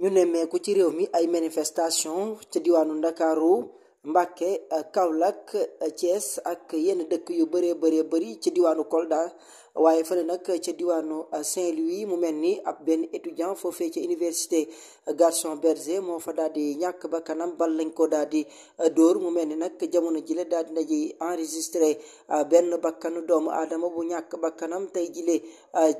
ñu ne nemmeeku ci réew mi ay manifestation ca diwaanu ndakaaru Mbàkke Kaolack Thiès ak yenn dëkk yu bëree bëree bëri ci diwaanu Kolda waaye fële nag ca diwaanu euh, Saint-Louis mu mel ni ab benn étudiant foofee ca université euh, Gaston Berger moo fa daal di ñàkk bakkanam kanam bal lañ ko daal di euh, dóor mu mel ni nag jamono jile daal di na ji enregistré benn bakkanu doomu aadama bu ñàkk bakkanam tey jile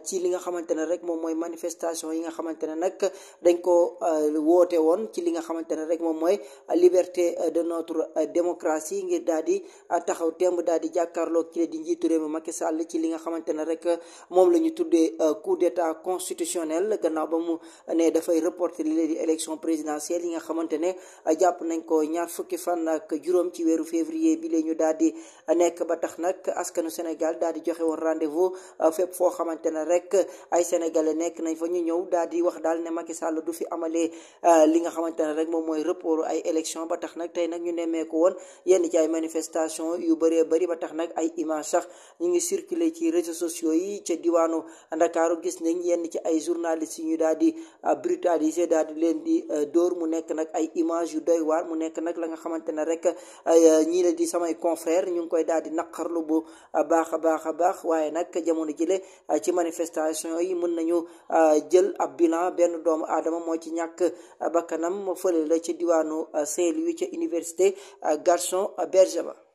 ci li nga xamante ne rek moom mooy manifestation yi nga xamante ne nag dañ ko woote woon ci li nga xamante ne rek moom mooy liberté de notre démocratie ngir daal di taxaw temb daal di jàkkaarloo ki di njiitu réew mi Macky Sall ci li nga xamante ne ne rek moom la ñu tuddee euh, coup d'état constitutionnel gannaaw ba mu ne dafay reporter li di élection présidentielle yi nga xamante ne jàpp nañ ko ñaar fukki fan ak juróom ci weeru février bi la ñu daal di nekk ba tax nag askanu Sénégal daal di joxe woon rendez-vous euh, fépp foo xamante ne rek ay sénégalais nekk nañ fa ñu ñëw daal di wax daal ne Macky Sall du fi amalee euh, li nga xamante ne rek moom mooy report ay élection ba tax nag tey nag ñu nemmeeku woon yenn ci manifestation yu bëree bëri sociaux yi ca diwaanu ndakaaru gis nañ yenn ci ay journalistes yi ñu daal di euh, brutaliser daal di leen di euh, dóor mu nekk nag ay image yu doy waar mu nekk nag la nga xamante ne rek euh, ñii la di samay confrères ñu ngi koy daal di naqarlu bu baax a baax a baax waaye nag jamono jile ci manifestation yi mën nañu jël ab bilan benn doomu aadama moo ci ñàkk bakkanam fële la ci diwaanu Saint-Louis ca université Gaston Berger ba